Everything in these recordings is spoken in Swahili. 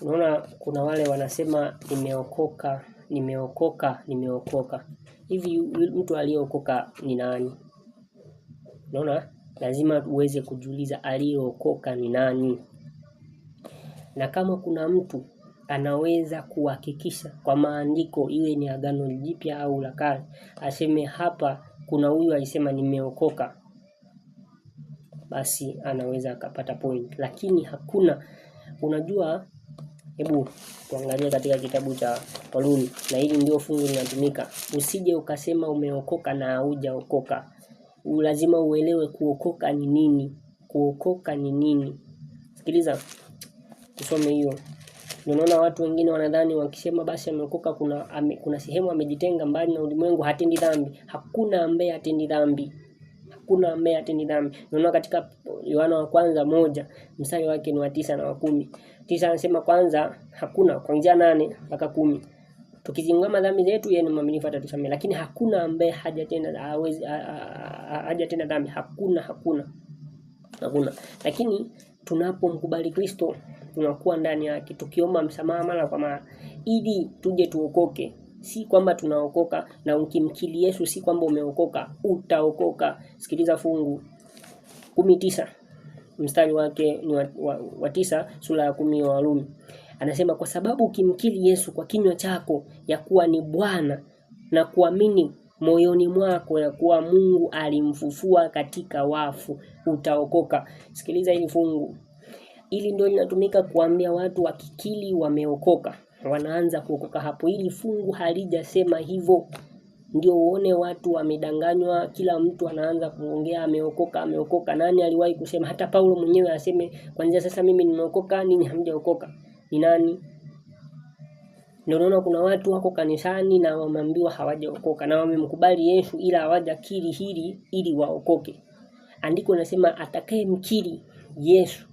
Unaona kuna wale wanasema nimeokoka, nimeokoka, nimeokoka. Hivi mtu aliyeokoka ni nani? Unaona, lazima uweze kujiuliza aliyeokoka ni nani, na kama kuna mtu anaweza kuhakikisha kwa maandiko, iwe ni Agano Jipya au la Kale, aseme hapa kuna huyu alisema nimeokoka, basi anaweza akapata point, lakini hakuna. Unajua Hebu tuangalie katika kitabu cha Warumi, na hili ndio fungu linatumika. Usije ukasema umeokoka na haujaokoka. Lazima uelewe kuokoka ni nini, kuokoka ni nini. Sikiliza, tusome hiyo. Unaona, watu wengine wanadhani wakisema basi ameokoka, kuna ame, kuna sehemu amejitenga mbali na ulimwengu, hatendi dhambi. Hakuna ambaye hatendi dhambi kuna ambaye hatendi dhambi. Unaona katika Yohana wa kwanza moja mstari wake ni wa tisa na wa kumi tisa anasema kwanza hakuna kuanzia nane mpaka kumi. Tukizingama dhambi zetu yeye ni mwaminifu atatusamehe, lakini hakuna ambaye tena hawezi tena dhambi. Hakuna, hakuna, hakuna. Lakini tunapomkubali Kristo tunakuwa ndani yake, tukiomba msamaha mara kwa mara ili tuje tuokoke. Si kwamba tunaokoka, na ukimkili Yesu si kwamba umeokoka, utaokoka. Sikiliza fungu kumi tisa mstari wake ni wa, wa, wa tisa sura ya kumi wa Warumi anasema, kwa sababu ukimkiri Yesu kwa kinywa chako ya kuwa ni Bwana na kuamini moyoni mwako ya kuwa Mungu alimfufua katika wafu utaokoka. Sikiliza hili fungu, ili ndio linatumika kuambia watu wakikili wameokoka, wanaanza kuokoka hapo. Hili fungu halijasema hivyo ndio uone watu wamedanganywa, kila mtu anaanza kuongea ameokoka, ameokoka. Nani aliwahi kusema? Hata Paulo mwenyewe aseme kwanza, sasa mimi nimeokoka, ninyi hamjaokoka. Ni nani? Ndio unaona kuna watu wako kanisani na wameambiwa hawajaokoka na wamemkubali Yesu, ila hawajakiri hili ili waokoke. Andiko linasema mkiri Yesu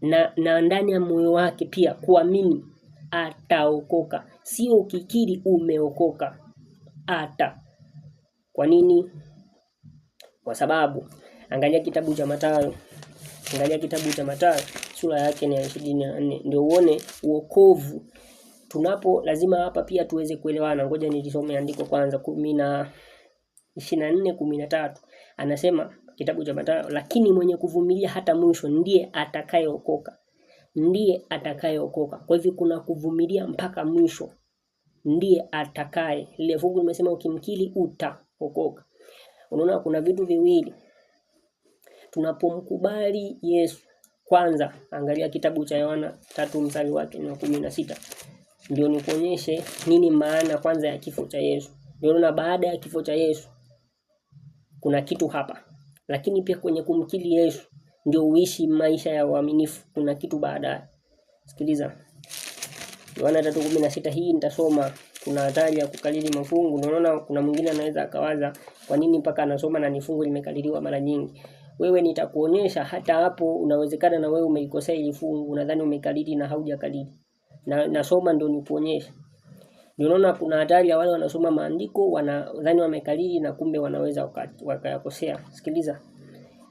na, na ndani ya moyo wake pia kuamini ataokoka, sio ukikiri umeokoka ata. Kwa nini? Kwa sababu angalia kitabu cha Mathayo, angalia kitabu cha Mathayo sura yake ni ya ishirini na nne ndio uone uokovu tunapo. Lazima hapa pia tuweze kuelewana. Ngoja nilisome andiko kwanza, kumi na ishirini na nne kumi na tatu anasema kitabu cha Mathayo, lakini mwenye kuvumilia hata mwisho ndiye atakayeokoka, ndiye atakayeokoka. Kwa hivyo kuna kuvumilia mpaka mwisho ndiye atakaye. Lile fungu nimesema ukimkili utaokoka. Unaona, kuna vitu viwili tunapomkubali Yesu. Kwanza angalia kitabu cha Yohana tatu mstari wake ni wa kumi na sita ndio nikuonyeshe nini maana kwanza ya kifo cha Yesu. Ndio na baada ya kifo cha Yesu kuna kitu hapa, lakini pia kwenye kumkili Yesu ndio uishi maisha ya uaminifu. Kuna kitu baadaye. Sikiliza. Yohana 3:16 hii nitasoma. Kuna hatari ya kukalili mafungu. Unaona, kuna mwingine anaweza akawaza kwa nini mpaka anasoma na nifungu limekaliliwa mara nyingi. Wewe nitakuonyesha hata hapo, unawezekana na wewe umeikosea ile fungu, unadhani umekalili na haujakalili, na nasoma ndio nikuonyesha. Ndio unaona kuna hatari ya wale wanasoma maandiko wanadhani wamekalili na kumbe wanaweza wakayakosea. Sikiliza,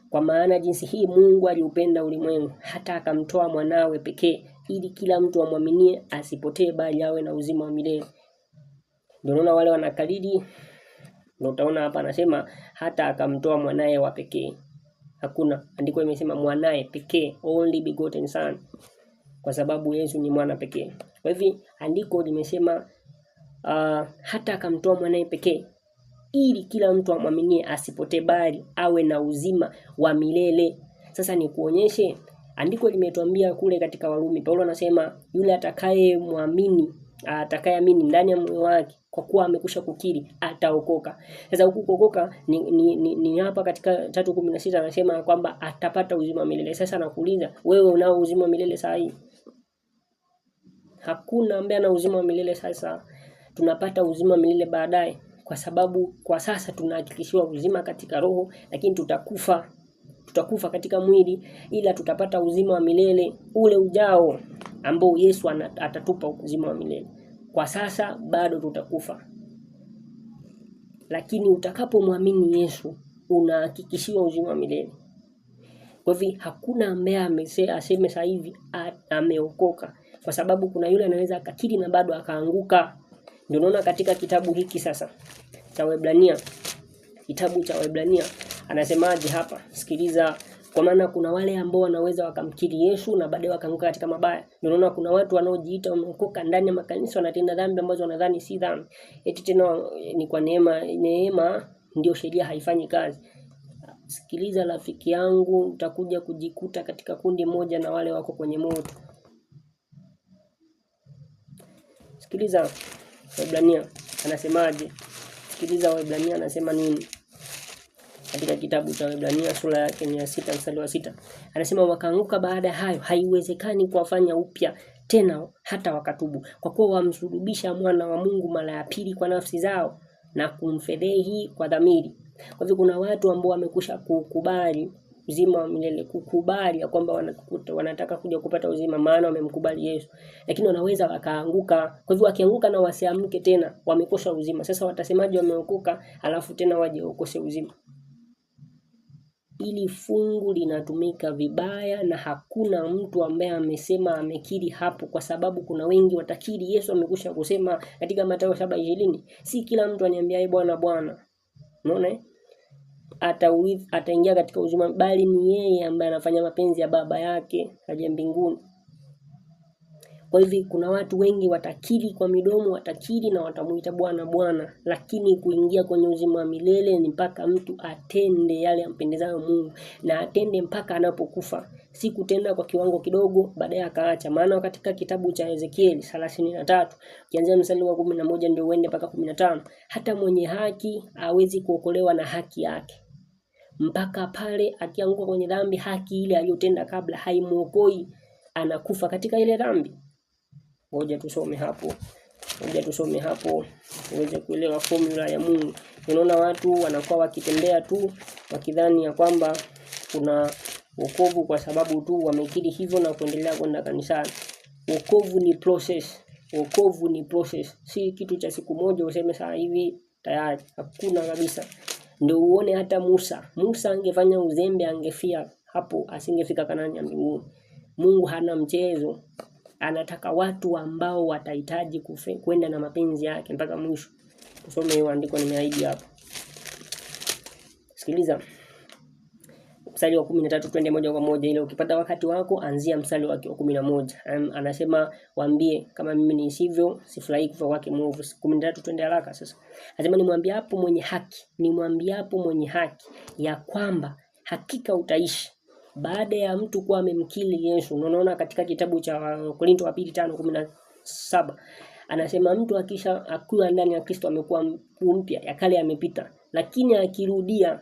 kwa maana jinsi hii Mungu aliupenda ulimwengu hata akamtoa mwanawe pekee ili kila mtu amwaminie asipotee bali awe na uzima wa milele. Ndio unaona wale wanakalidi, ndio utaona hapa anasema hata akamtoa mwanaye wa pekee. Hakuna andiko imesema mwanaye pekee, only begotten son, kwa sababu Yesu ni mwana pekee. Kwa hivyo andiko limesema uh, hata akamtoa mwanaye pekee ili kila mtu amwaminie asipotee bali awe na uzima wa milele. Sasa ni kuonyeshe Andiko limetuambia kule katika Warumi, Paulo anasema yule atakaye mwamini atakayeamini ndani ya moyo wake kwa kuwa amekusha kukiri ataokoka. Sasa huku kuokoka ni, ni, ni, ni hapa katika tatu kumi na sita anasema kwamba atapata uzima wa milele. Sasa nakuuliza wewe, unao uzima wa milele saa hii? Hakuna ambaye ana uzima wa milele sasa. Tunapata uzima wa milele baadaye, kwa sababu kwa sasa tunahakikishiwa uzima katika roho, lakini tutakufa tutakufa katika mwili, ila tutapata uzima wa milele ule ujao ambao Yesu atatupa uzima wa milele. Kwa sasa bado tutakufa, lakini utakapomwamini Yesu unahakikishiwa uzima wa milele. Kwa hivyo hakuna ambaye aseme sasa hivi ameokoka, kwa sababu kuna yule anaweza akakiri na bado akaanguka. Ndio unaona katika kitabu hiki sasa cha Waebrania, kitabu cha Waebrania Anasemaje hapa? Sikiliza, kwa maana kuna wale ambao wanaweza wakamkiri Yesu na baadaye wakaanguka katika mabaya. Unaona, kuna watu wanaojiita wameokoka ndani ya makanisa wanatenda dhambi ambazo wanadhani si dhambi, eti tena eh, ni kwa neema. Neema ndio sheria haifanyi kazi. Sikiliza rafiki yangu, utakuja kujikuta katika kundi moja na wale wako kwenye moto. Sikiliza Waebrania anasemaje? Sikiliza Waebrania anasema nini? katika kitabu cha Waebrania sura ya 6 mstari wa sita anasema wakaanguka, baada hayo haiwezekani kuwafanya upya tena hata wakatubu, kwa kuwa wamsulubisha mwana wa Mungu mara ya pili kwa nafsi zao na kumfedhehi kwa dhamiri. Kwa hivyo kuna watu ambao wamekusha kukubali uzima wa milele, kukubali ya kwamba wanakuta, wanataka kuja kupata uzima, maana wamemkubali Yesu, lakini wanaweza wakaanguka. Kwa hivyo wakianguka na wasiamke tena, wamekosa uzima. Sasa watasemaje wameokoka alafu tena waje wakose uzima? hili fungu linatumika vibaya na hakuna mtu ambaye amesema amekiri hapo, kwa sababu kuna wengi watakiri Yesu amekusha kusema katika Mathayo saba ishirini. Si kila mtu aniambiaye Bwana Bwana, unaona eh? ataingia katika uzima, bali ni yeye ambaye anafanya mapenzi ya Baba yake aje mbinguni. Kwa hivyo kuna watu wengi watakiri kwa midomo, watakiri na watamuita Bwana Bwana, lakini kuingia kwenye uzima wa milele ni mpaka mtu atende yale ampendezayo Mungu na atende mpaka anapokufa, si kutenda kwa kiwango kidogo baadaye akaacha. Maana katika kitabu cha Ezekieli thelathini na tatu ukianzia mstari wa kumi na moja ndio uende mpaka kumi na tano hata mwenye haki hawezi kuokolewa na haki yake mpaka pale akianguka kwenye dhambi, haki ile aliyotenda kabla haimuokoi, anakufa katika ile dhambi. Ngoja tusome hapo, ngoja tusome hapo uweze kuelewa formula ya Mungu. Unaona watu wanakuwa wakitembea tu wakidhani ya kwamba kuna wokovu kwa sababu tu wamekiri hivyo na kuendelea kwenda kanisani. Wokovu ni process, wokovu ni process, si kitu cha siku moja useme saa hivi tayari. Hakuna kabisa. Ndio uone hata Musa. Musa angefanya uzembe, angefia hapo, asingefika Kanaani ya mbinguni. Mungu hana mchezo anataka watu ambao watahitaji kwenda na mapenzi yake mpaka mwisho. Tusome hiyo andiko nimeahidi hapo. Sikiliza mstari wa kumi na tatu twende moja kwa moja ile. Ukipata wakati wako, anzia mstari wa kumi na moja anasema waambie, kama mimi ni sivyo sifurahi kufa kwake mwovu. kumi na tatu twende haraka sasa. Anasema hapo mwenye haki, hapo mwenye haki ya kwamba hakika utaishi baada ya mtu kuwa amemkili Yesu. Unaona katika kitabu cha uh, korinto wa pili tano kumi na saba anasema mtu akisha akiwa ndani ya Kristo amekuwa mpya, ya kale yamepita, lakini akirudia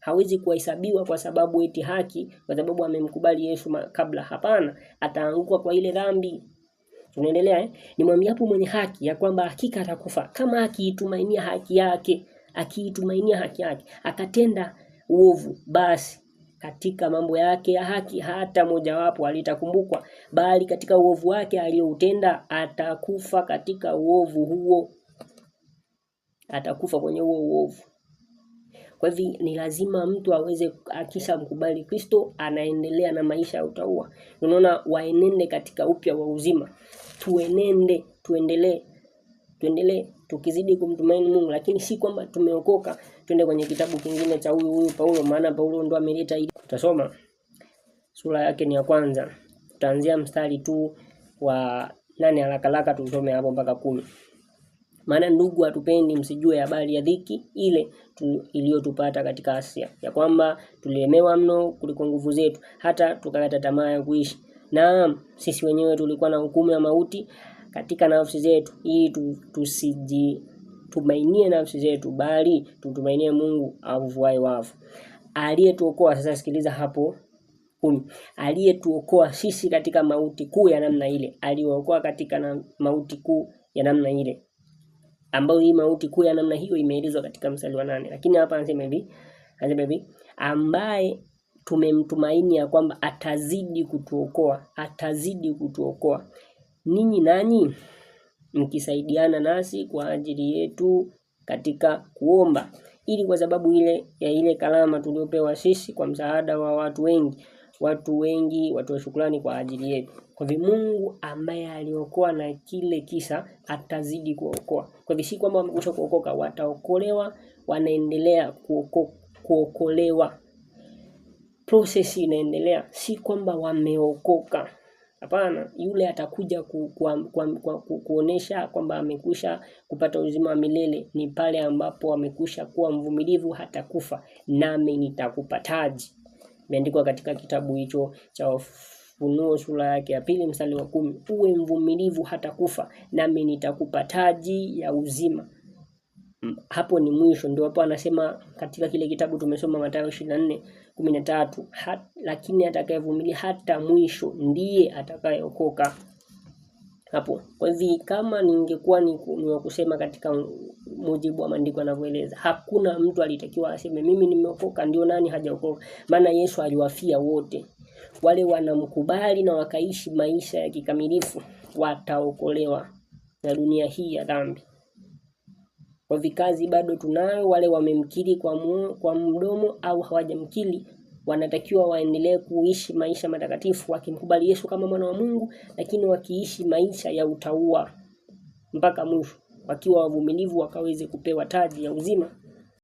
hawezi kuhesabiwa kwa sababu eti haki, kwa sababu amemkubali Yesu kabla. Hapana, ataanguka kwa ile dhambi. Tunaendelea eh? Nimwambia hapo mwenye haki ya kwamba hakika atakufa, kama akiitumainia haki yake, akiitumainia haki yake akatenda uovu, basi katika mambo yake ya haki hata mojawapo alitakumbukwa, bali katika uovu wake aliyoutenda atakufa katika uovu huo, atakufa kwenye huo uovu. Kwa hivyo ni lazima mtu aweze akisha mkubali Kristo, anaendelea na maisha ya utaua. Unaona, waenende katika upya wa uzima, tuenende, tuendelee, tuendelee tukizidi kumtumaini Mungu, lakini si kwamba tumeokoka Twende kwenye kitabu kingine cha huyu huyu Paulo, maana Paulo ndo ameleta hili. Tutasoma sura yake ni ya kwanza, tutaanzia mstari tu wa nane haraka haraka, tusome hapo mpaka kumi. Maana ndugu, hatupendi msijue habari ya dhiki ile iliyotupata katika Asia, ya kwamba tulilemewa mno kuliko nguvu zetu, hata tukakata tamaa ya kuishi. Naam, sisi wenyewe tulikuwa na hukumu ya mauti katika nafsi zetu, ili tusiji tumainie nafsi zetu, bali tumtumainie Mungu avuvuaye wavu, aliyetuokoa. Sasa sikiliza hapo kumi, aliyetuokoa sisi katika mauti kuu ya namna ile, aliyookoa katika na mauti kuu ya namna ile, ambayo hii mauti kuu ya namna hiyo imeelezwa katika mstari wa nane. Lakini hapa anasema hivi, anasema hivi ambaye tumemtumaini ya kwamba atazidi kutuokoa, atazidi kutuokoa ninyi nanyi mkisaidiana nasi kwa ajili yetu katika kuomba, ili kwa sababu ile ya ile karama tuliopewa sisi kwa msaada wa watu wengi watu wengi watoe shukrani kwa ajili yetu. Kwa hivyo Mungu ambaye aliokoa na kile kisa atazidi kuokoa. Kwa hivyo si kwamba wamekwisha kuokoka, wataokolewa, wanaendelea kuoko, kuokolewa. Prosesi inaendelea, si kwamba wameokoka. Hapana, yule atakuja ku, ku, ku, ku, ku, kuonesha kwamba amekusha kupata uzima wa milele ni pale ambapo amekusha kuwa mvumilivu hata kufa, nami nitakupa taji. Imeandikwa katika kitabu hicho cha Ufunuo sura yake ya pili mstari wa kumi, uwe mvumilivu hata kufa, nami nitakupa taji ya uzima hapo ni mwisho. Ndio hapo anasema katika kile kitabu tumesoma Mathayo ishirini na nne kumi na tatu hat, lakini atakayevumilia hata mwisho ndiye atakayeokoka. Hapo kwa hivyo, kama ningekuwa ni, ni wa kusema katika mujibu wa maandiko yanavyoeleza, hakuna mtu alitakiwa aseme mimi nimeokoka, ndio nani hajaokoka. Maana Yesu aliwafia wote wale wanamkubali na wakaishi maisha ya kikamilifu, wataokolewa na dunia hii ya dhambi kwa vikazi bado tunayo. Wale wamemkiri kwa, mu, kwa mdomo au hawajamkiri wanatakiwa waendelee kuishi maisha matakatifu wakimkubali Yesu kama mwana wa Mungu, lakini wakiishi maisha ya utauwa mpaka mwisho, wakiwa wavumilivu wakaweze kupewa taji ya uzima